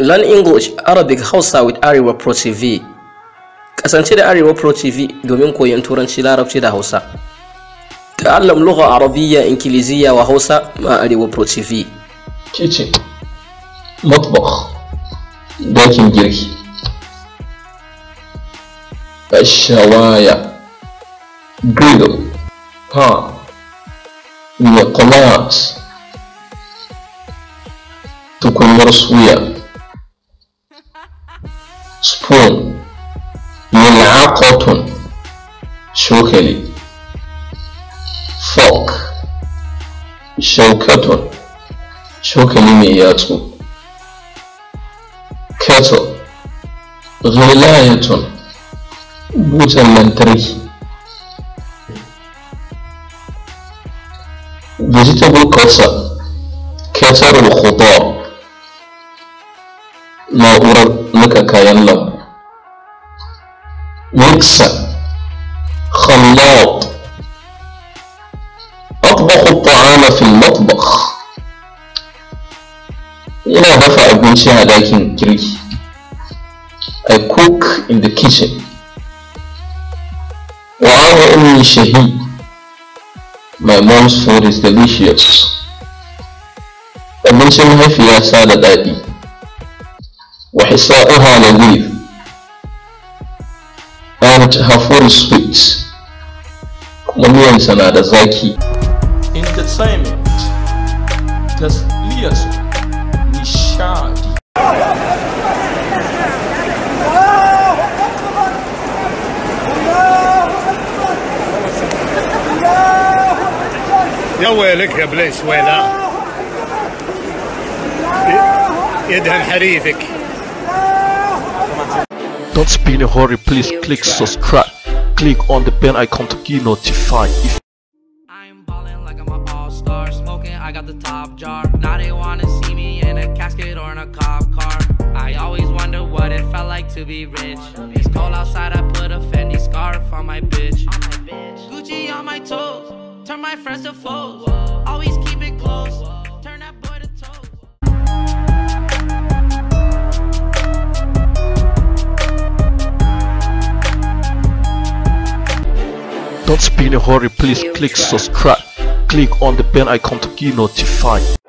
Learn English Arabic Hausa with Arewa Pro TV. Kasance da Arewa Pro TV domin koyon Turanci, Larabci da Hausa. تعلم لغة عربية إنجليزية وهوسة مع أريو برو تي في كيتشن مطبخ داكن جيركي الشواية جريدل ها مقلاص Tukun marsuya. فول ملعقة شوكلي فوق شوكة شوكلي مئياتو كتو غلاية بوتا منتري vegetable cutter كتر الخضار na'urar لك كاين lambu يكسب خلاط أطبخ الطعام في المطبخ إلى دفع ابن بنشها لكن كري I cook in the kitchen وعلى أمي شهي My mom's food is delicious ابن أبنشها في أسالة دادي وحصائها لذيذ much her full respect. Muryarsa na da zaki. Entertainment, tasliyarsu, nishadi. يا ويلك يا بليس ويلا يدهن حريفك don't be in a hurry, please click subscribe. Click on the bell icon to get notified. If I'm like I'm an all-star, smoking, I got the top jar. Now they wanna see me in a casket or in a cop car. I always wonder what it felt like to be rich. It's cold outside, I put a Fendi scarf on my bitch. Gucci on my toes, turn my friends to foes. Always keep it close. Don't be in a hurry, please click subscribe. Click on the bell icon to get notified.